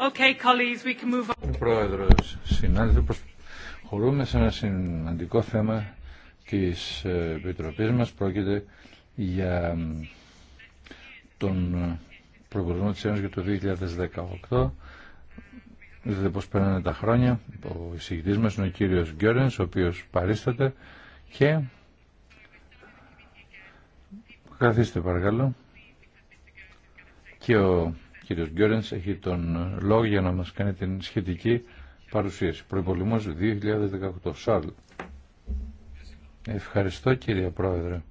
Okay, colleagues, we can move on. Πρόεδρος, συνάδελφοι, προχωρούμε σε ένα σημαντικό θέμα της Επιτροπής μας. Πρόκειται για τον προγραμματισμό της Ένωσης για το 2018. Δείτε πώς περνάνε τα χρόνια. Ο εισηγητής μας είναι ο κύριος Γκέρνς, ο οποίος παρίσταται και... Καθίστε παρακαλώ. Και ο κύριος Γκέρενς έχει τον λόγο για να μας κάνει την σχετική παρουσίαση. Προϋπολιμός 2018. Ευχαριστώ κύριε Πρόεδρε.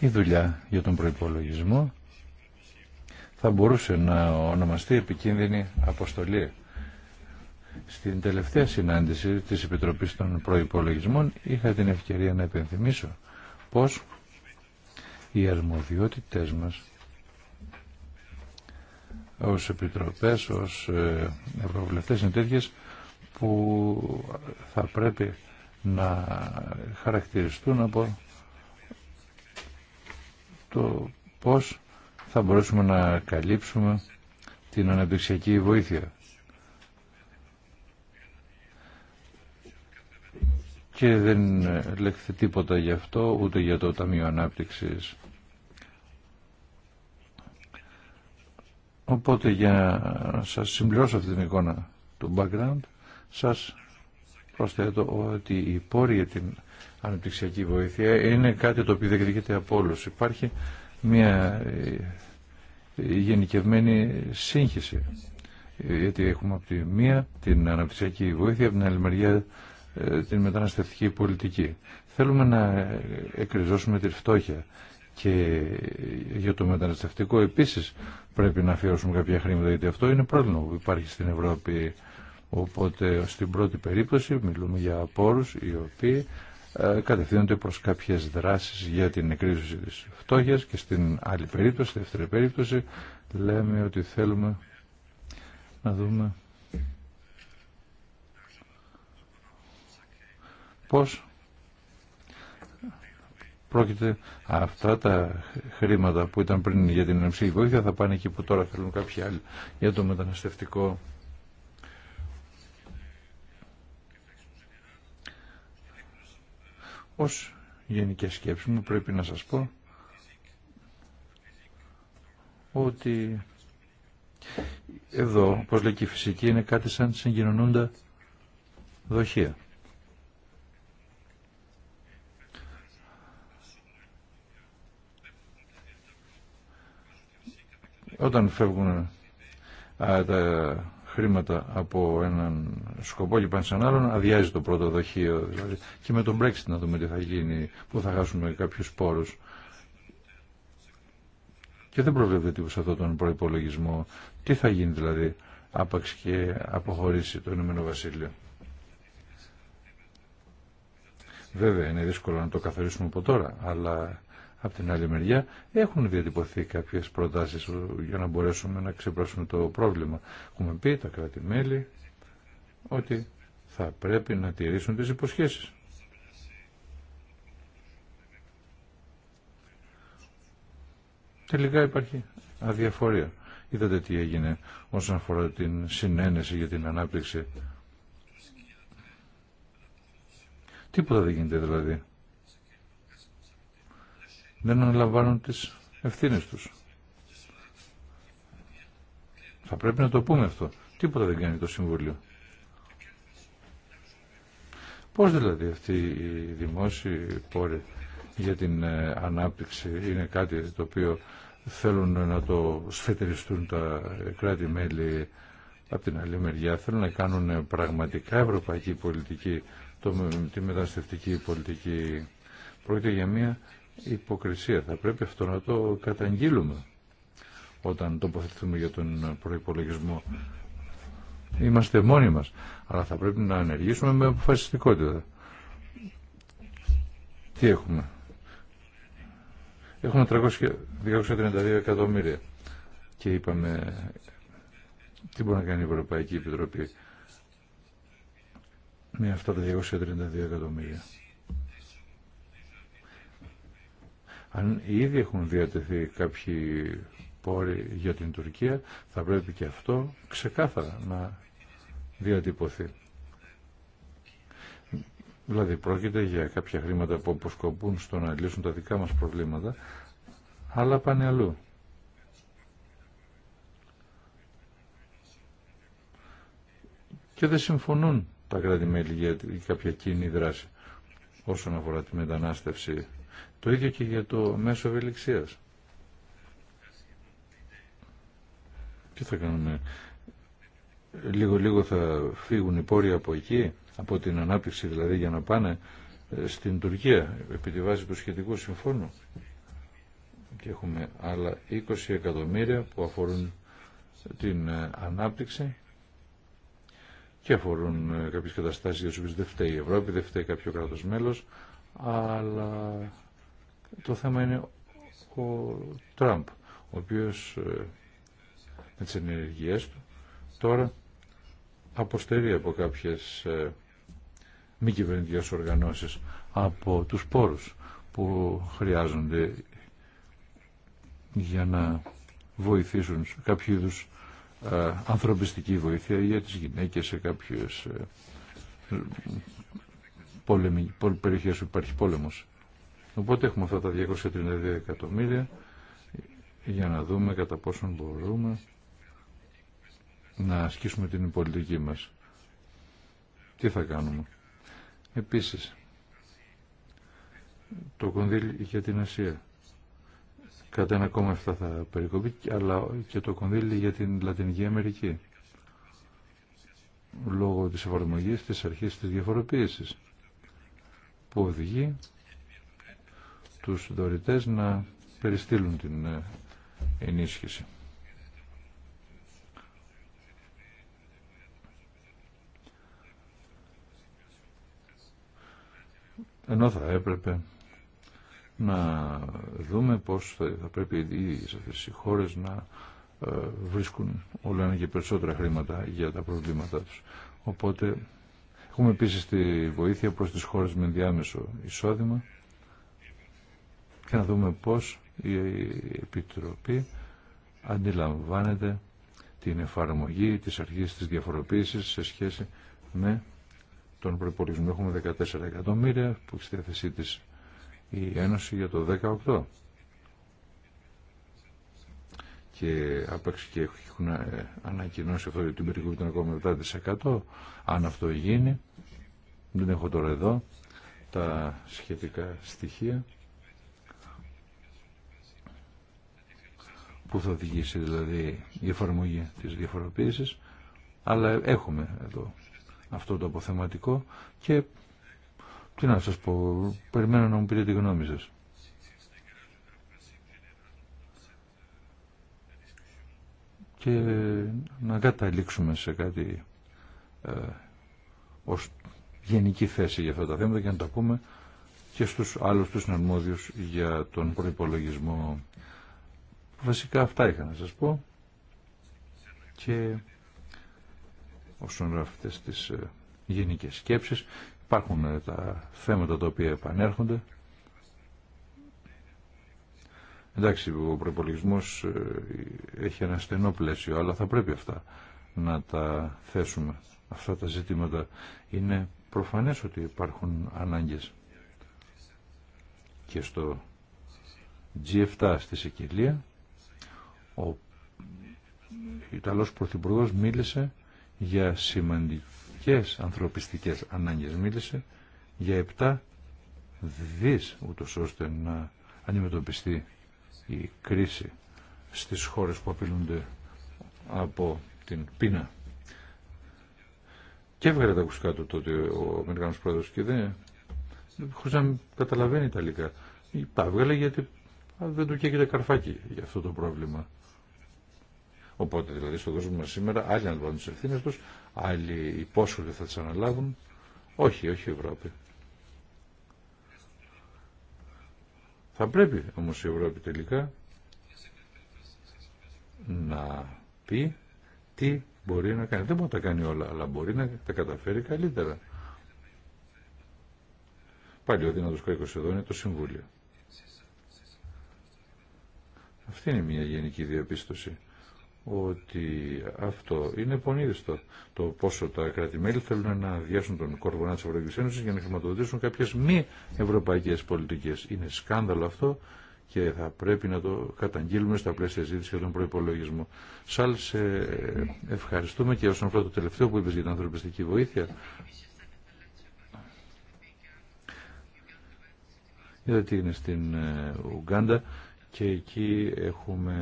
Η δουλειά για τον προϋπολογισμό θα μπορούσε να ονομαστεί επικίνδυνη αποστολή. Στην τελευταία συνάντηση της Επιτροπής των Προϋπολογισμών είχα την ευκαιρία να επενθυμίσω πως οι αρμοδιότητες μας ως επιτροπές, ως ε, ευρωβουλευτές είναι τέτοιες που θα πρέπει να χαρακτηριστούν από το πώς θα μπορέσουμε να καλύψουμε την αναπτυξιακή βοήθεια. Και δεν ε, λεχθεί τίποτα γι' αυτό, ούτε για το Ταμείο Ανάπτυξης. Οπότε για να σας συμπληρώσω αυτή την εικόνα του background, σας προσθέτω ότι η πόρη για την αναπτυξιακή βοήθεια είναι κάτι το οποίο διεκδικείται από όλου. Υπάρχει μια ε, γενικευμένη σύγχυση. Γιατί έχουμε από τη μία την αναπτυξιακή βοήθεια, από την άλλη μεριά ε, την μεταναστευτική πολιτική. Θέλουμε να ε, εκριζώσουμε τη φτώχεια και για το μεταναστευτικό επίσης πρέπει να αφιερώσουμε κάποια χρήματα γιατί αυτό είναι πρόβλημα που υπάρχει στην Ευρώπη οπότε στην πρώτη περίπτωση μιλούμε για απόρους οι οποίοι ε, κατευθύνονται προς κάποιες δράσεις για την εκρίζωση της φτώχειας και στην άλλη περίπτωση, στη δεύτερη περίπτωση λέμε ότι θέλουμε να δούμε πώς πρόκειται αυτά τα χρήματα που ήταν πριν για την ψυχική βοήθεια θα πάνε εκεί που τώρα θέλουν κάποιοι άλλοι για το μεταναστευτικό. Ως γενική σκέψη μου πρέπει να σας πω ότι εδώ, όπως λέει και η φυσική, είναι κάτι σαν συγκοινωνούντα δοχεία. Όταν φεύγουν α, τα χρήματα από έναν σκοπό και πάνε σε έναν άλλον, αδειάζει το πρώτο δοχείο. Δηλαδή, και με τον Brexit να δούμε τι θα γίνει, που θα χάσουμε κάποιους πόρους. Και δεν προβλέπεται τίποτα σε αυτόν τον προπολογισμό. Τι θα γίνει δηλαδή, άπαξ και αποχωρήσει το Ηνωμένο Βασίλειο. Βέβαια, είναι δύσκολο να το καθορίσουμε από τώρα, αλλά από την άλλη μεριά έχουν διατυπωθεί κάποιες προτάσεις για να μπορέσουμε να ξεπράσουμε το πρόβλημα. Έχουμε πει τα κράτη-μέλη ότι θα πρέπει να τηρήσουν τις υποσχέσεις. Τελικά υπάρχει αδιαφορία. Είδατε τι έγινε όσον αφορά την συνένεση για την ανάπτυξη. Τίποτα δεν γίνεται δηλαδή δεν αναλαμβάνουν τις ευθύνες τους. Θα πρέπει να το πούμε αυτό. Τίποτα δεν κάνει το Συμβουλίο. Πώς δηλαδή αυτή η δημόσια πόρη για την ε, ανάπτυξη είναι κάτι το οποίο θέλουν να το σφετεριστούν τα κράτη-μέλη από την άλλη μεριά. Θέλουν να κάνουν πραγματικά ευρωπαϊκή πολιτική, το, τη μεταναστευτική πολιτική. Πρόκειται για μια υποκρισία. Θα πρέπει αυτό να το καταγγείλουμε όταν τοποθετηθούμε για τον προϋπολογισμό. Είμαστε μόνοι μας, αλλά θα πρέπει να ενεργήσουμε με αποφασιστικότητα. Τι έχουμε. Έχουμε 232 εκατομμύρια και είπαμε τι μπορεί να κάνει η Ευρωπαϊκή Επιτροπή με αυτά τα 232 εκατομμύρια. Αν ήδη έχουν διατεθεί κάποιοι πόροι για την Τουρκία, θα πρέπει και αυτό ξεκάθαρα να διατυπωθεί. Δηλαδή πρόκειται για κάποια χρήματα που αποσκοπούν στο να λύσουν τα δικά μας προβλήματα, αλλά πάνε αλλού. Και δεν συμφωνούν τα κράτη-μέλη για κάποια κοινή δράση όσον αφορά τη μετανάστευση το ίδιο και για το μέσο ευελιξίας. Τι θα κάνουμε. Λίγο-λίγο θα φύγουν οι πόροι από εκεί, από την ανάπτυξη δηλαδή για να πάνε ε, στην Τουρκία επί τη βάση του σχετικού συμφώνου. Και έχουμε άλλα 20 εκατομμύρια που αφορούν ε, την ε, ανάπτυξη και αφορούν κάποιες καταστάσεις για τις οποίες δεν φταίει η Ευρώπη, δεν φταίει κάποιο κράτος μέλος, αλλά το θέμα είναι ο Τραμπ, ο οποίος ε, με τις ενεργειές του τώρα αποστερεί από κάποιες ε, μη κυβερνητικέ οργανώσεις από τους πόρους που χρειάζονται για να βοηθήσουν κάποιο είδου ε, ανθρωπιστική βοήθεια για τις γυναίκες σε κάποιες πολεμι, περιοχές που υπάρχει πόλεμος. Οπότε έχουμε αυτά τα 232 εκατομμύρια για να δούμε κατά πόσον μπορούμε να ασκήσουμε την πολιτική μας. Τι θα κάνουμε. Επίσης, το κονδύλι για την Ασία. Κατά 1,7 θα περικοπεί, αλλά και το κονδύλι για την Λατινική Αμερική. Λόγω της εφαρμογής της αρχής της διαφοροποίησης που οδηγεί τους δωρητές να περιστύλουν την ε, ενίσχυση. Ενώ θα έπρεπε να δούμε πώς θα πρέπει οι ίδιες αυτές οι χώρες να ε, βρίσκουν όλα ένα και περισσότερα χρήματα για τα προβλήματά τους. Οπότε έχουμε επίσης τη βοήθεια προς τις χώρες με διάμεσο εισόδημα και να δούμε πώς η Επιτροπή αντιλαμβάνεται την εφαρμογή της αρχής της διαφοροποίησης σε σχέση με τον προπολογισμό. Έχουμε 14 εκατομμύρια που έχει στη θέση της η Ένωση για το 18. Και άπαξ και έχουν ε, ανακοινώσει αυτό την περικοπή των 7%. Αν αυτό γίνει, δεν έχω τώρα εδώ τα σχετικά στοιχεία. που θα οδηγήσει δηλαδή η εφαρμογή της διαφοροποίησης αλλά έχουμε εδώ αυτό το αποθεματικό και τι να σας πω, περιμένω να μου πείτε τη γνώμη σας. Και να καταλήξουμε σε κάτι ε, ως γενική θέση για αυτά τα θέματα και να τα πούμε και στους άλλους τους αρμόδιους για τον προϋπολογισμό. Βασικά αυτά είχα να σας πω και όσον αφορά αυτές τις ε, γενικές σκέψεις υπάρχουν ε, τα θέματα τα οποία επανέρχονται Εντάξει, ο προπολογισμό ε, έχει ένα στενό πλαίσιο, αλλά θα πρέπει αυτά να τα θέσουμε. Αυτά τα ζητήματα είναι προφανές ότι υπάρχουν ανάγκες. Και στο G7 στη Σικελία ο Ιταλός Πρωθυπουργός μίλησε για σημαντικές ανθρωπιστικές ανάγκες. Μίλησε για 7 δις ούτως ώστε να αντιμετωπιστεί η κρίση στις χώρες που απειλούνται από την πείνα. Και έβγαλε τα ακουστικά του τότε ο Αμερικανός Πρόεδρος και δεν, χωρίς να καταλαβαίνει Ιταλικά. Τα έβγαλε γιατί δεν του καίγεται καρφάκι για αυτό το πρόβλημα. Οπότε δηλαδή στον κόσμο μας σήμερα άλλοι αναλαμβάνουν τι ευθύνες τους, άλλοι υπόσχολοι θα τι αναλάβουν. Όχι, όχι η Ευρώπη. Θα πρέπει όμως η Ευρώπη τελικά να πει τι μπορεί να κάνει. Δεν μπορεί να τα κάνει όλα, αλλά μπορεί να τα καταφέρει καλύτερα. Πάλι ο δυνατός κρίκος εδώ είναι το Συμβούλιο. Αυτή είναι μια γενική διαπίστωση ότι αυτό είναι πονίδιστο το πόσο τα κράτη-μέλη θέλουν να αδειάσουν τον κορβονά της Ευρωπαϊκής Ένωσης για να χρηματοδοτήσουν κάποιες μη ευρωπαϊκές πολιτικές. Είναι σκάνδαλο αυτό και θα πρέπει να το καταγγείλουμε στα πλαίσια ζήτηση για τον προπολογισμό. Σάλ, σε ευχαριστούμε και όσον αφορά το τελευταίο που είπες για την ανθρωπιστική βοήθεια. γιατί τι στην ε, Ουγγάντα και εκεί έχουμε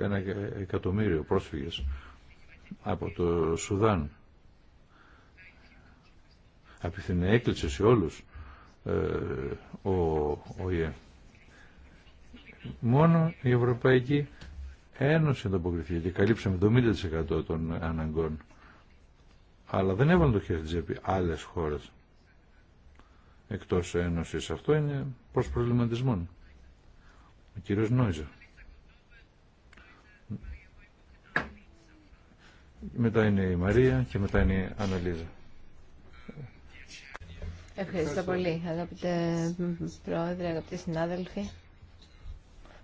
ένα εκατομμύριο πρόσφυγες από το Σουδάν. Απίθυνε έκλεισε σε όλους ε, ο ΙΕ. Μόνο η Ευρωπαϊκή Ένωση ανταποκριθεί και καλύψαμε 70% των αναγκών. Αλλά δεν έβαλαν το χέρι τσέπη άλλες χώρες εκτός Ένωσης. Αυτό είναι προς προβληματισμόν. Ο κύριος Νόιζα. Μετά είναι η Μαρία και μετά είναι η Αναλίζα. Ευχαριστώ πολύ, αγαπητέ πρόεδρε, αγαπητοί συνάδελφοι.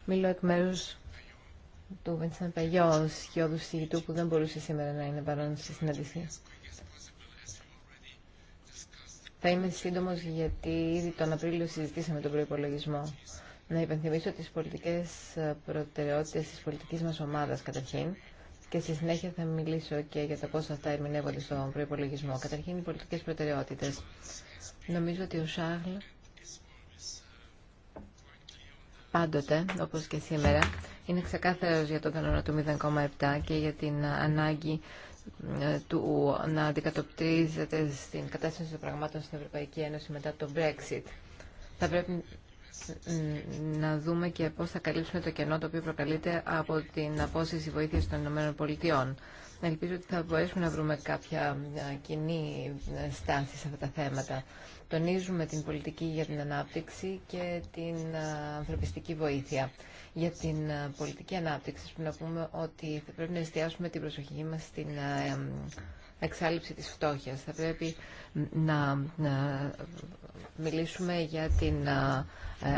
Μιλώ εκ μέρους του και Παγιό, σχεδόν συγητού που δεν μπορούσε σήμερα να είναι παρόν στη συνάντηση. Θα είμαι σύντομο γιατί ήδη τον Απρίλιο συζητήσαμε τον προπολογισμό να υπενθυμίσω τις πολιτικές ε, προτεραιότητες της πολιτικής μας ομάδας καταρχήν και στη συνέχεια θα μιλήσω και για τα πώς αυτά ερμηνεύονται στον προϋπολογισμό. Καταρχήν οι πολιτικές προτεραιότητες. Νομίζω ότι ο Σάγλ πάντοτε, όπως και σήμερα, είναι ξεκάθαρος για τον κανόνα του 0,7 και για την ανάγκη ε, του να αντικατοπτρίζεται στην κατάσταση των πραγμάτων στην Ευρωπαϊκή Ένωση μετά το Brexit. Θα πρέπει να δούμε και πώς θα καλύψουμε το κενό το οποίο προκαλείται από την απόσυση βοήθειας των Ηνωμένων Πολιτειών. Ελπίζω ότι θα μπορέσουμε να βρούμε κάποια ε, κοινή ε, στάση σε αυτά τα θέματα. Τονίζουμε την πολιτική για την ανάπτυξη και την ε, ανθρωπιστική βοήθεια. Για την πολιτική ανάπτυξη πρέπει να πούμε ότι θα πρέπει να εστιάσουμε την προσοχή μας στην εξάλληψη της φτώχειας. Θα πρέπει να, να μιλήσουμε για την ε,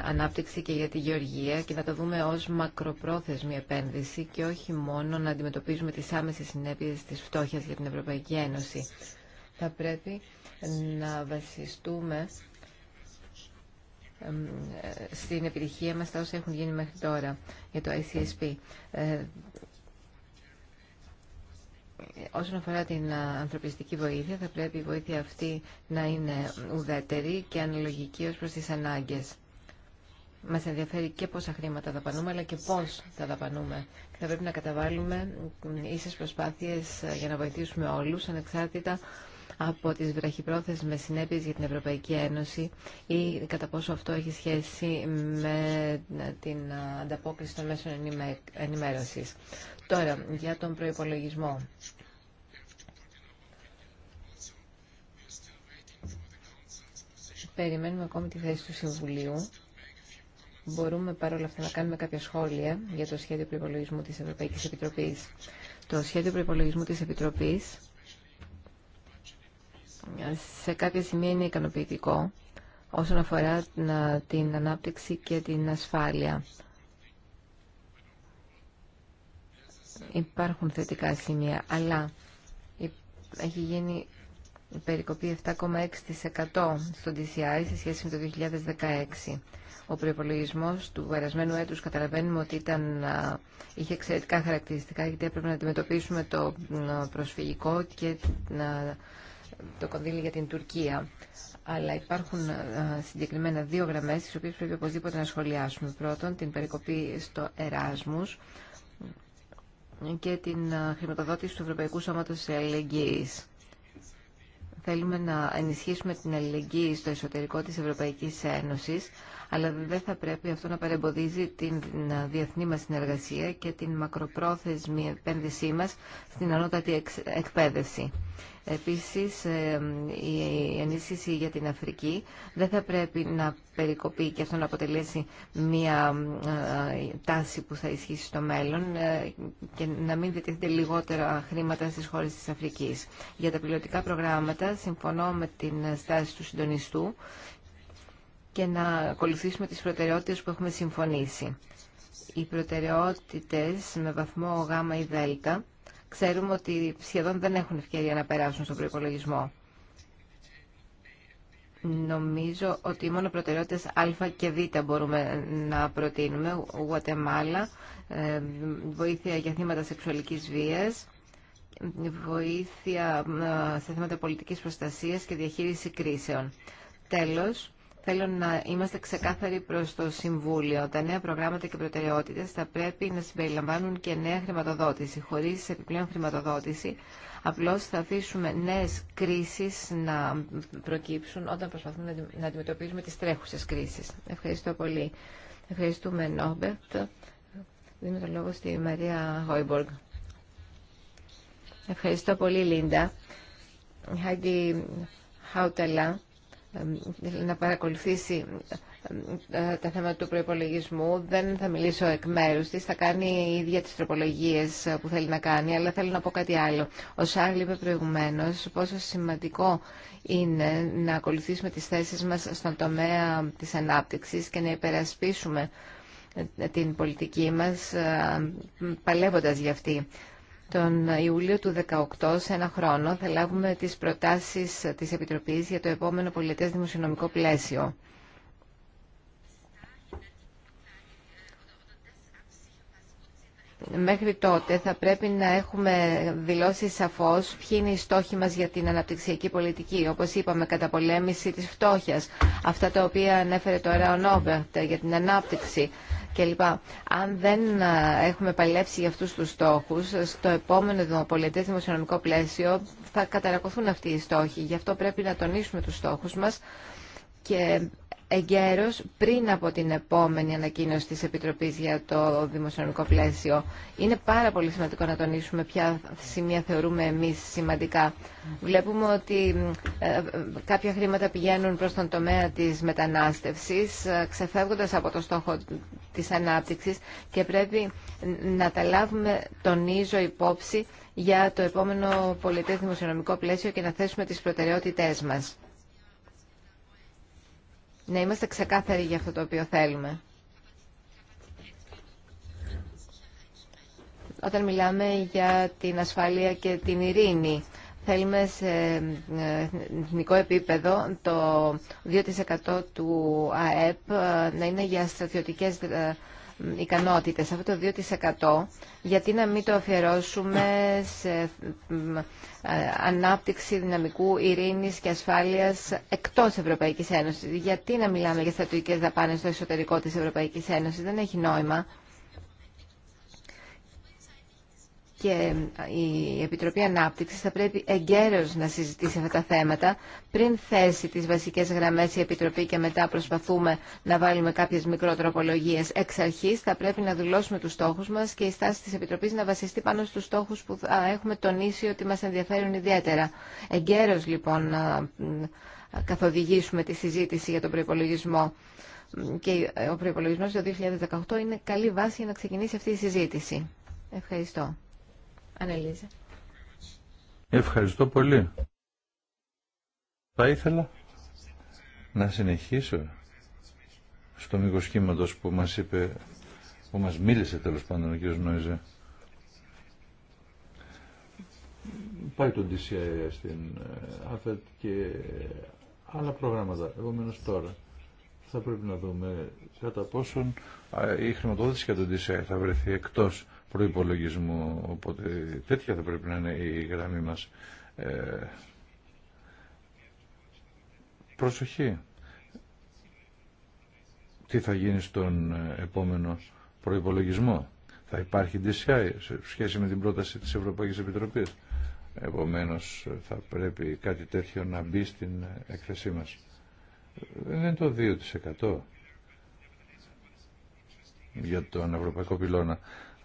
ανάπτυξη και για τη γεωργία και να το δούμε ως μακροπρόθεσμη επένδυση και όχι μόνο να αντιμετωπίζουμε τις άμεσες συνέπειες της φτώχειας για την Ευρωπαϊκή Ένωση. Θα πρέπει να βασιστούμε ε, στην επιτυχία μας τα όσα έχουν γίνει μέχρι τώρα για το ICSP. Ε, Όσον αφορά την ανθρωπιστική βοήθεια, θα πρέπει η βοήθεια αυτή να είναι ουδέτερη και αναλογική ως προς τις ανάγκες. Μας ενδιαφέρει και πόσα χρήματα δαπανούμε, αλλά και πώς τα δαπανούμε. Και θα πρέπει να καταβάλουμε ίσες προσπάθειες ε, για να βοηθήσουμε όλους, ανεξάρτητα από τις βραχυπρόθεσμες συνέπειες για την Ευρωπαϊκή Ένωση ή κατά πόσο αυτό έχει σχέση με την ανταπόκριση των μέσων ενημέρωσης. Τώρα, για τον προϋπολογισμό. Περιμένουμε ακόμη τη θέση του Συμβουλίου. Μπορούμε παρόλα αυτά να κάνουμε κάποια σχόλια για το σχέδιο προϋπολογισμού της Ευρωπαϊκής Επιτροπής. Το σχέδιο προϋπολογισμού της Επιτροπής σε κάποια σημεία είναι ικανοποιητικό όσον αφορά την ανάπτυξη και την ασφάλεια. Υπάρχουν θετικά σημεία, αλλά έχει γίνει περικοπή 7,6% στο DCI σε σχέση με το 2016. Ο προπολογισμό του περασμένου έτους καταλαβαίνουμε ότι ήταν, είχε εξαιρετικά χαρακτηριστικά γιατί έπρεπε να αντιμετωπίσουμε το προσφυγικό και να το κονδύλι για την Τουρκία. Αλλά υπάρχουν ε, συγκεκριμένα δύο γραμμές, τις οποίες πρέπει οπωσδήποτε να σχολιάσουμε. Πρώτον, την περικοπή στο Εράσμους και την ε, χρηματοδότηση του Ευρωπαϊκού Σώματος Αλληλεγγύης. Θέλουμε να ενισχύσουμε την αλληλεγγύη στο εσωτερικό της Ευρωπαϊκής Ένωσης, αλλά δεν θα πρέπει αυτό να παρεμποδίζει την ε, διεθνή μας συνεργασία και την μακροπρόθεσμη επένδυσή μας στην ανώτατη εκπαίδευση. Επίσης, ε, η ενίσχυση για την Αφρική δεν θα πρέπει να περικοπεί και αυτό να αποτελέσει μια ε, τάση που θα ισχύσει στο μέλλον ε, και να μην διατίθεται λιγότερα χρήματα στις χώρες της Αφρικής. Για τα πιλωτικά προγράμματα, συμφωνώ με την στάση του συντονιστού και να ακολουθήσουμε τις προτεραιότητες που έχουμε συμφωνήσει. Οι προτεραιότητες με βαθμό Γ ή Δ ξέρουμε ότι σχεδόν δεν έχουν ευκαιρία να περάσουν στον προπολογισμό. Νομίζω ότι μόνο προτεραιότητες Α και Β μπορούμε να προτείνουμε. Γουατεμάλα, ε, βοήθεια για θύματα σεξουαλικής βίας, βοήθεια ε, σε θέματα πολιτικής προστασίας και διαχείριση κρίσεων. Τέλος, Θέλω να είμαστε ξεκάθαροι προς το Συμβούλιο. Τα νέα προγράμματα και προτεραιότητες θα πρέπει να συμπεριλαμβάνουν και νέα χρηματοδότηση. Χωρίς επιπλέον χρηματοδότηση, απλώς θα αφήσουμε νέες κρίσεις να προκύψουν όταν προσπαθούμε να αντιμετωπίζουμε τις τρέχουσες κρίσεις. Ευχαριστώ πολύ. Ευχαριστούμε, Νόμπερτ. Δίνω το λόγο στη Μαρία Χόιμποργκ. Ευχαριστώ πολύ, Λίντα. Χάιντι Χάουτελα να παρακολουθήσει ε, τα θέματα του προπολογισμού. Δεν θα μιλήσω εκ μέρου τη, θα κάνει οι ίδια τι τροπολογίε ε, που θέλει να κάνει, αλλά θέλω να πω κάτι άλλο. Ο Σάρλ είπε προηγουμένω πόσο σημαντικό είναι να ακολουθήσουμε τι θέσει μα στον τομέα τη ανάπτυξη και να υπερασπίσουμε ε, την πολιτική μας παλεύοντας για αυτή τον Ιούλιο του 2018, σε ένα χρόνο, θα λάβουμε τις προτάσεις της Επιτροπής για το επόμενο πολιτές δημοσιονομικό πλαίσιο. Μέχρι τότε θα πρέπει να έχουμε δηλώσει σαφώς ποιοι είναι οι στόχοι μας για την αναπτυξιακή πολιτική. Όπως είπαμε, καταπολέμηση της φτώχειας. Αυτά τα οποία ανέφερε τώρα ο Νόβερτ για την ανάπτυξη κλπ. Αν δεν ε, έχουμε παλέψει για αυτούς τους στόχους, στο επόμενο δημοπολιτές δημοσιονομικό πλαίσιο θα καταρακωθούν αυτοί οι στόχοι. Γι' αυτό πρέπει να τονίσουμε τους στόχους μας και εγκαίρως πριν από την επόμενη ανακοίνωση της Επιτροπής για το δημοσιονομικό πλαίσιο. Είναι πάρα πολύ σημαντικό να τονίσουμε ποια σημεία θεωρούμε εμείς σημαντικά. Βλέπουμε ότι ε, κάποια χρήματα πηγαίνουν προς τον τομέα της μετανάστευσης, ε, ξεφεύγοντας από το στόχο της ανάπτυξης και πρέπει να τα λάβουμε, τονίζω, υπόψη για το επόμενο πολιτές δημοσιονομικό πλαίσιο και να θέσουμε τις προτεραιότητές μας να είμαστε ξεκάθαροι για αυτό το οποίο θέλουμε. Όταν μιλάμε για την ασφάλεια και την ειρήνη, θέλουμε σε εθνικό επίπεδο το 2% του ΑΕΠ να είναι για στρατιωτικές ε, ικανότητες, αυτό το 2% γιατί να μην το αφιερώσουμε σε ε, ανάπτυξη δυναμικού ειρήνης και ασφάλειας εκτός Ευρωπαϊκής Ένωσης. Γιατί να μιλάμε για στρατηγικές δαπάνες στο εσωτερικό της Ευρωπαϊκής Ένωσης, δεν έχει νόημα. και η Επιτροπή Ανάπτυξης θα πρέπει εγκαίρως να συζητήσει αυτά τα θέματα πριν θέσει τις βασικές γραμμές η Επιτροπή και μετά προσπαθούμε να βάλουμε κάποιες μικροτροπολογίες. Εξ αρχής θα πρέπει να δηλώσουμε τους στόχους μας και η στάση της Επιτροπής να βασιστεί πάνω στους στόχους που έχουμε τονίσει ότι μας ενδιαφέρουν ιδιαίτερα. Εγκαίρως λοιπόν να καθοδηγήσουμε τη συζήτηση για τον προπολογισμό και ο προπολογισμό το 2018 είναι καλή βάση για να ξεκινήσει αυτή η συζήτηση. Ευχαριστώ. Ευχαριστώ πολύ. Θα ήθελα να συνεχίσω στο μήκο κύματο που μας είπε, που μας μίλησε τέλος πάντων ο κ. Νόιζε. Πάει το DCI στην ε, ΑΦΕΤ και άλλα προγράμματα. Επομένω τώρα θα πρέπει να δούμε κατά πόσον ε, η χρηματοδότηση για το DCI θα βρεθεί εκτός προϋπολογισμού. Οπότε τέτοια θα πρέπει να είναι η γραμμή μας. Ε, προσοχή. Τι θα γίνει στον επόμενο προϋπολογισμό. Θα υπάρχει DCI σε σχέση με την πρόταση της Ευρωπαϊκής Επιτροπής. Επομένως θα πρέπει κάτι τέτοιο να μπει στην έκθεσή μας. Δεν είναι το 2% για τον Ευρωπαϊκό Πυλώνα.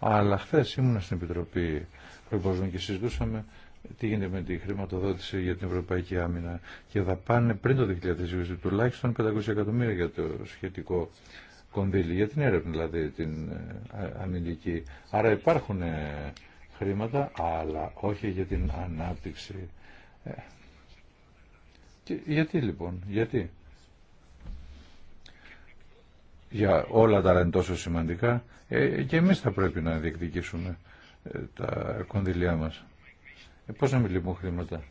Αλλά χθε ήμουν στην Επιτροπή Προπόσμων και συζητούσαμε τι γίνεται με τη χρηματοδότηση για την Ευρωπαϊκή Άμυνα και θα πάνε πριν το 2020 τουλάχιστον 500 εκατομμύρια για το σχετικό κονδύλι, για την έρευνα δηλαδή την ε, αμυντική. Άρα υπάρχουν ε, χρήματα, αλλά όχι για την ανάπτυξη. Ε, γιατί λοιπόν, γιατί για όλα τα άλλα τόσο σημαντικά ε, και εμείς θα πρέπει να διεκδικήσουμε ε, τα κονδυλιά μας. Ε, πώς να μην χρήματα.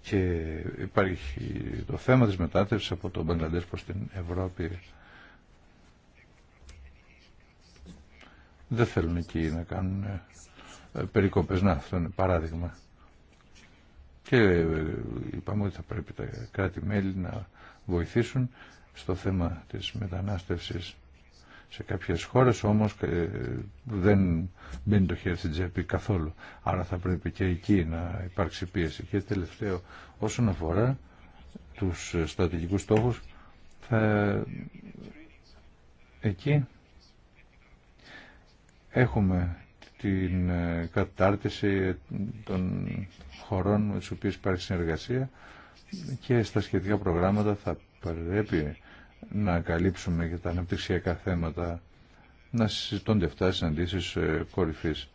Και υπάρχει το θέμα της μετάθεσης από τον Μπαγκλαντές προς την Ευρώπη. Δεν θέλουν εκεί να κάνουν ε, περικοπές. Να, αυτό είναι παράδειγμα. Και ε, είπαμε ότι θα πρέπει τα κράτη-μέλη να βοηθήσουν στο θέμα της μετανάστευσης. Σε κάποιες χώρες όμως ε, δεν μπαίνει το χέρι στην τσέπη καθόλου. Άρα θα πρέπει και εκεί να υπάρξει πίεση. Και τελευταίο, όσον αφορά τους στρατηγικούς στόχους, εκεί έχουμε την ε, κατάρτιση των χωρών με τις οποίες υπάρχει συνεργασία και στα σχετικά προγράμματα θα πρέπει να καλύψουμε και τα αναπτυξιακά θέματα να συζητώνται αυτά συναντήσεις ε, κορυφής.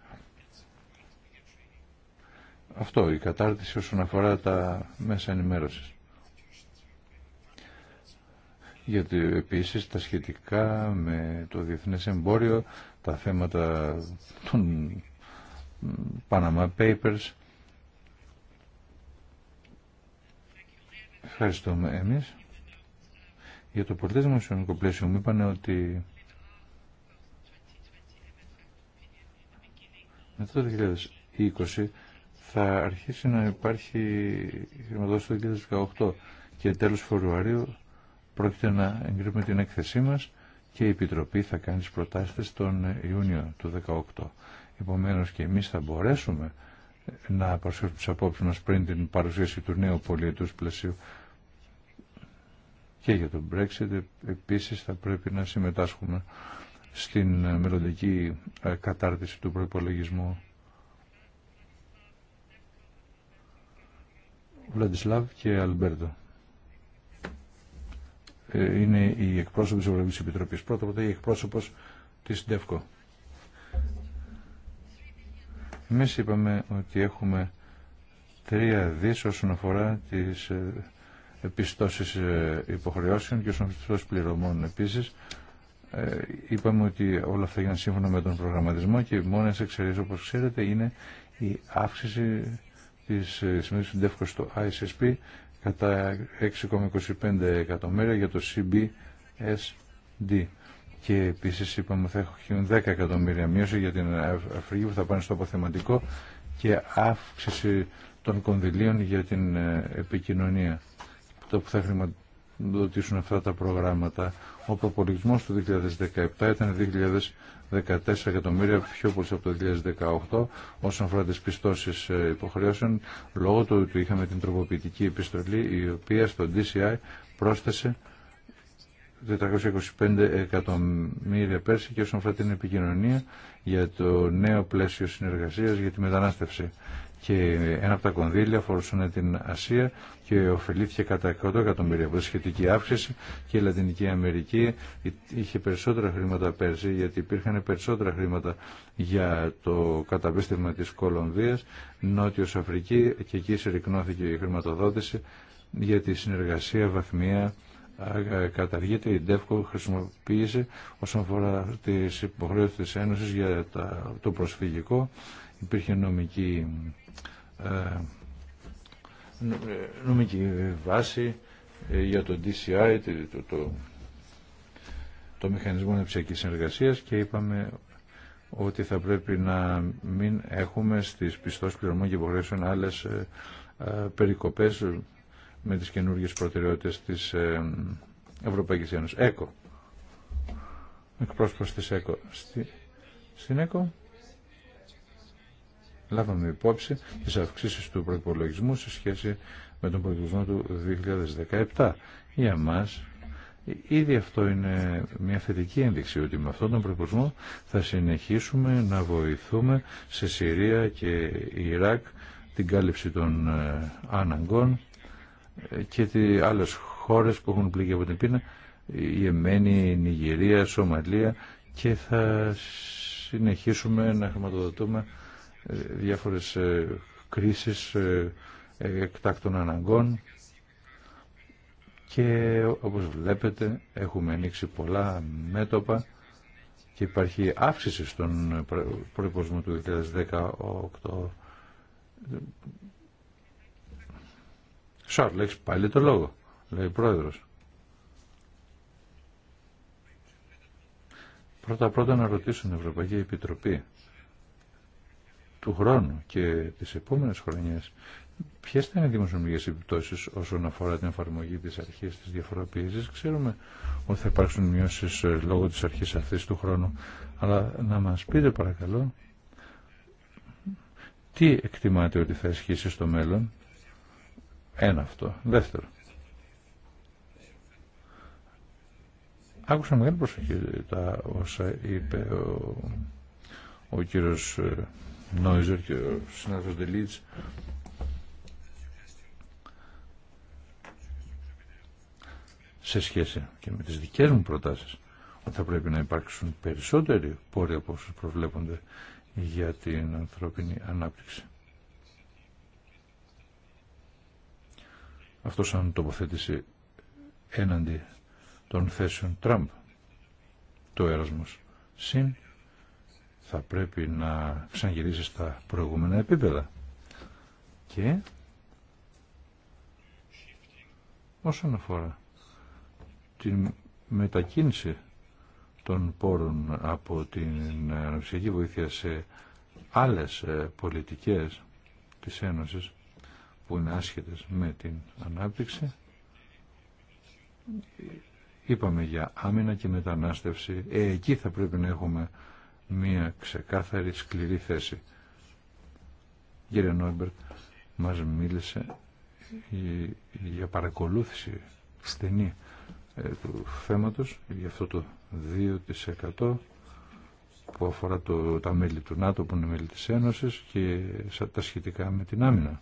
Αυτό, η κατάρτιση όσον αφορά τα μέσα ενημέρωσης. Γιατί επίσης τα σχετικά με το διεθνές εμπόριο τα θέματα των Panama Papers. Ευχαριστούμε εμείς. Για το πολιτές δημοσιονομικό πλαίσιο μου είπαν ότι μετά το 2020 θα αρχίσει να υπάρχει χρηματοδότηση το 2018 και τέλος Φεβρουαρίου πρόκειται να εγκρίνουμε την έκθεσή μας και η Επιτροπή θα κάνει τις προτάσεις τον Ιούνιο του 2018. Επομένως και εμείς θα μπορέσουμε να παρουσιάσουμε τις απόψεις μας πριν την παρουσίαση του νέου πολιετούς πλαισίου και για τον Brexit επίσης θα πρέπει να συμμετάσχουμε στην μελλοντική ε, κατάρτιση του προπολογισμού. Βλαντισλάβ και Αλμπέρτο. Ε, είναι η εκπρόσωπη της Ευρωπαϊκή Επιτροπής. Πρώτα απ' όλα η εκπρόσωπος της ΔΕΦΚΟ. Εμείς είπαμε ότι έχουμε τρία δις όσον αφορά τις ε, επιστώσεις ε, υποχρεώσεων και όσον αφορά πληρωμών επίσης. Είπαμε ότι όλα αυτά έγιναν σύμφωνα με τον προγραμματισμό και οι μόνες εξαιρέσεις όπως ξέρετε είναι η αύξηση της συμμετοχής του ΔΕΦΚΟ στο ISSP κατά 6,25 εκατομμύρια για το CBSD. Και επίση είπαμε θα έχουν 10 εκατομμύρια μείωση για την Αφρική που θα πάνε στο αποθεματικό και αύξηση των κονδυλίων για την ε, επικοινωνία. Το που θα δοτήσουν αυτά τα προγράμματα. Ο προπολογισμό του 2017 ήταν 2.014 εκατομμύρια, πιο πολύ από το 2018, όσον αφορά τι πιστώσει ε, υποχρεώσεων, λόγω του ότι είχαμε την τροποποιητική επιστολή, η οποία στο DCI πρόσθεσε 425 εκατομμύρια πέρσι και όσον αφορά την επικοινωνία για το νέο πλαίσιο συνεργασίας για τη μετανάστευση και ένα από τα κονδύλια αφορούσαν την Ασία και ωφελήθηκε κατά 100 εκατομμύρια από τη σχετική αύξηση και η Λατινική Αμερική είχε περισσότερα χρήματα πέρσι γιατί υπήρχαν περισσότερα χρήματα για το καταπίστευμα της Κολομβίας, Νότιος Αφρική και εκεί συρρυκνώθηκε η χρηματοδότηση για τη συνεργασία βαθμία ε, καταργείται, η ΔΕΦΚΟ χρησιμοποίησε όσον αφορά τις υποχρέωσεις της Ένωσης για το προσφυγικό. Υπήρχε νομική, ε, ε, νομική βάση για το DCI, το, το, το Μηχανισμό Ανεψιακής συνεργασία και είπαμε ότι θα πρέπει να μην έχουμε στις πιστώσεις πληρωμών και υποχρέωσεων άλλες περικοπές με τις καινούργιες προτεραιότητες της ε, Ευρωπαϊκής Ένωσης. ΕΚΟ. Εκπρόσωπος της ΕΚΟ. Στη, στην ΕΚΟ λάβαμε υπόψη τις αυξήσεις του προϋπολογισμού σε σχέση με τον προϋπολογισμό του 2017. Για μας Ήδη αυτό είναι μια θετική ένδειξη ότι με αυτόν τον προϋπολογισμό θα συνεχίσουμε να βοηθούμε σε Συρία και Ιράκ την κάλυψη των ε, αναγκών ε, και τι άλλες χώρες που έχουν πληγεί από την πείνα, η Εμένη, η Νιγηρία, η Σομαλία και θα συνεχίσουμε να χρηματοδοτούμε ε, διάφορες ε, κρίσεις εκτάκτων αναγκών και όπως βλέπετε έχουμε ανοίξει πολλά μέτωπα και υπάρχει αύξηση στον προϋποσμό του 2018 Σάρλ, έχεις πάλι το λόγο, λέει ο πρόεδρος. Πρώτα-πρώτα να ρωτήσω την Ευρωπαϊκή Επιτροπή του χρόνου και τις επόμενες χρονιές ποιες θα είναι οι δημοσιονομικές επιπτώσεις όσον αφορά την εφαρμογή της αρχής της διαφοροποίησης. Ξέρουμε ότι θα υπάρξουν μειώσεις ε, λόγω της αρχής αυτής του χρόνου. Αλλά να μας πείτε παρακαλώ τι εκτιμάτε ότι θα ισχύσει στο μέλλον ένα αυτό. Δεύτερο. Άκουσα μεγάλη προσοχή τα όσα είπε ο, ο κύριος ε, Νόιζερ και ο συνάδελφος Σε σχέση και με τις δικές μου προτάσεις ότι θα πρέπει να υπάρξουν περισσότεροι πόροι από όσους προβλέπονται για την ανθρώπινη ανάπτυξη. αυτό σαν τοποθέτηση έναντι των θέσεων Τραμπ το έρασμος συν θα πρέπει να ξαναγυρίσει στα προηγούμενα επίπεδα και όσον αφορά την μετακίνηση των πόρων από την αναψυχική βοήθεια σε άλλες ε, πολιτικές της Ένωσης που είναι άσχετες με την ανάπτυξη. Είπαμε για άμυνα και μετανάστευση. Ε, εκεί θα πρέπει να έχουμε μία ξεκάθαρη σκληρή θέση. Κύριε Νόιμπερτ μας μίλησε για παρακολούθηση στενή ε, του θέματος, για αυτό το 2% που αφορά το, τα μέλη του ΝΑΤΟ που είναι μέλη της Ένωσης και τα σχετικά με την άμυνα.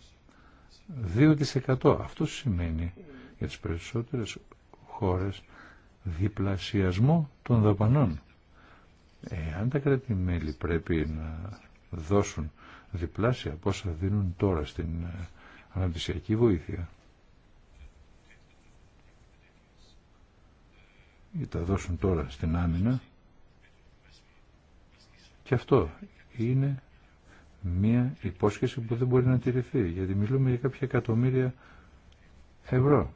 2%. Αυτό σημαίνει για τις περισσότερες χώρες διπλασιασμό των δαπανών. Εάν τα κράτη-μέλη πρέπει να δώσουν διπλάσια από όσα δίνουν τώρα στην ε, αναπτυσιακή βοήθεια, ή τα δώσουν τώρα στην άμυνα, και αυτό είναι μία υπόσχεση που δεν μπορεί να τηρηθεί, γιατί μιλούμε για κάποια εκατομμύρια ευρώ.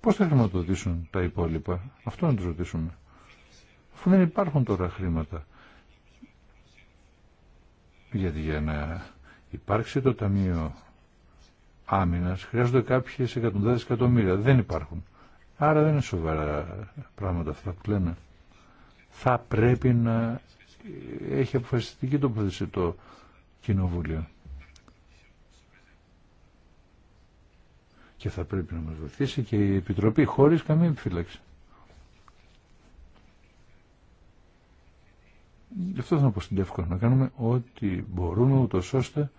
Πώς θα χρηματοδοτήσουν τα υπόλοιπα, αυτό να τους ρωτήσουμε. Αφού δεν υπάρχουν τώρα χρήματα. Γιατί για να υπάρξει το Ταμείο Άμυνας χρειάζονται κάποιες εκατοντάδες εκατομμύρια. Δεν υπάρχουν. Άρα δεν είναι σοβαρά πράγματα αυτά που λένε. Θα πρέπει να έχει αποφασιστική τοποθεσία το Κοινοβούλιο. Και θα πρέπει να μας βοηθήσει και η Επιτροπή χωρίς καμία επιφύλαξη. Γι' αυτό θα πω στην να κάνουμε ό,τι μπορούμε ούτω ώστε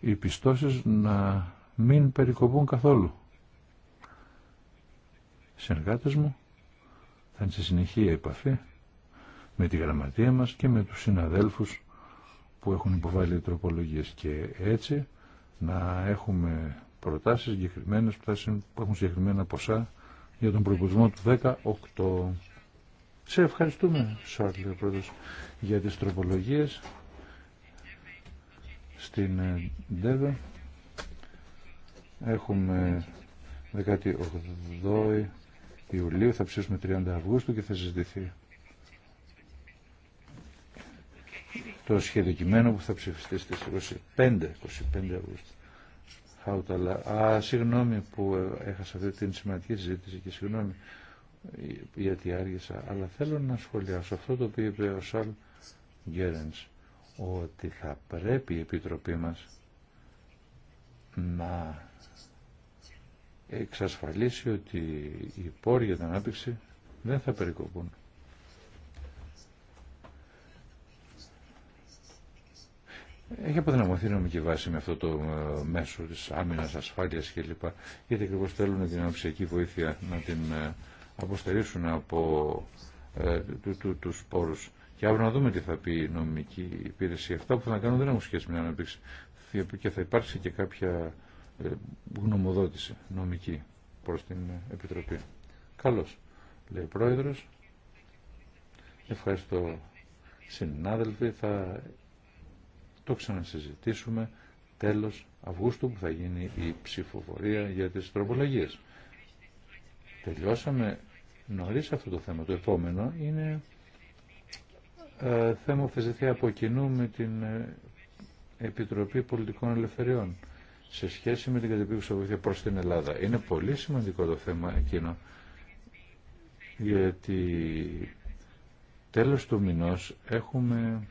οι πιστώσεις να μην περικοπούν καθόλου. συνεργάτες μου θα είναι σε συνεχή επαφή με τη γραμματεία μας και με τους συναδέλφους που έχουν υποβάλει τροπολογίες και έτσι να έχουμε προτάσεις συγκεκριμένε που έχουν συγκεκριμένα ποσά για τον προϋποσμό του 18. Σε ευχαριστούμε, Σάρλ, πρώτος, για τις τροπολογίες στην ΔΕΒΕ. Έχουμε 18 Ιουλίου, θα ψήσουμε 30 Αυγούστου και θα συζητηθεί το σχέδιο που θα ψηφιστεί στις 25, 25 Αυγούστου. Α, συγγνώμη που ε, έχασα αυτή την σημαντική συζήτηση και συγγνώμη ε, γιατί άργησα, αλλά θέλω να σχολιάσω αυτό το οποίο είπε ο Σαλ Γκέρενς, ότι θα πρέπει η Επιτροπή μας να εξασφαλίσει ότι οι πόροι για την ανάπτυξη δεν θα περικοπούν. έχει αποδυναμωθεί η νομική βάση με αυτό το ε, μέσο της άμυνας, ασφάλειας κλπ. Γιατί ακριβώ θέλουν την αναψιακή βοήθεια να την ε, αποστερήσουν από ε, του, του, τους πόρους. Και αύριο να δούμε τι θα πει η νομική υπηρεσία. Αυτά που θα κάνουν δεν έχουν σχέση με την ανάπτυξη. Και θα υπάρξει και κάποια γνωμοδότηση νομική προς την Επιτροπή. Καλώς, λέει ο Πρόεδρος. Ευχαριστώ συνάδελφοι. Θα το ξανασυζητήσουμε τέλος Αυγούστου που θα γίνει η ψηφοφορία για τις τροπολογίες. Τελειώσαμε νωρίς αυτό το θέμα. Το επόμενο είναι ε, θέμα που θα ζητηθεί από κοινού με την ε, Επιτροπή Πολιτικών Ελευθεριών σε σχέση με την κατεπίγουσα βοήθεια προς την Ελλάδα. Είναι πολύ σημαντικό το θέμα εκείνο γιατί τέλος του μηνός έχουμε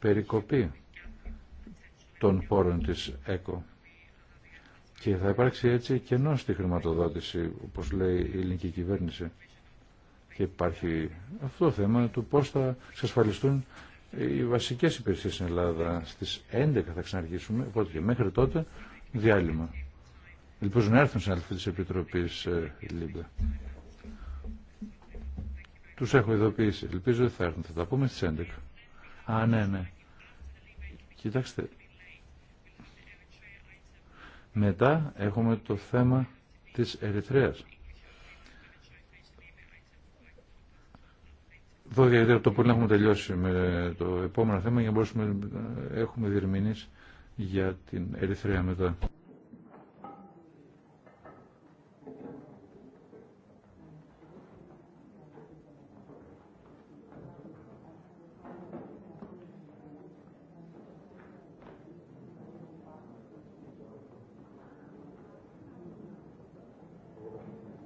περικοπή των πόρων της ΕΚΟ. Και θα υπάρξει έτσι κενό στη χρηματοδότηση, όπως λέει η ελληνική κυβέρνηση. Και υπάρχει αυτό το θέμα του πώς θα εξασφαλιστούν οι βασικές υπηρεσίες στην Ελλάδα. Στις 11 θα ξαναρχίσουμε, οπότε και μέχρι τότε διάλειμμα. Ελπίζω να έρθουν σε της Επιτροπής ε, Τους έχω ειδοποιήσει. Ελπίζω θα έρθουν. Θα τα πούμε στις 11. Α, ναι, ναι. Κοιτάξτε, μετά έχουμε το θέμα της Ερυθρέας. Εδώ γιατί το πολύ να έχουμε τελειώσει με το επόμενο θέμα για να μπορούμε να έχουμε διερμηνείς για την Ερυθρέα μετά.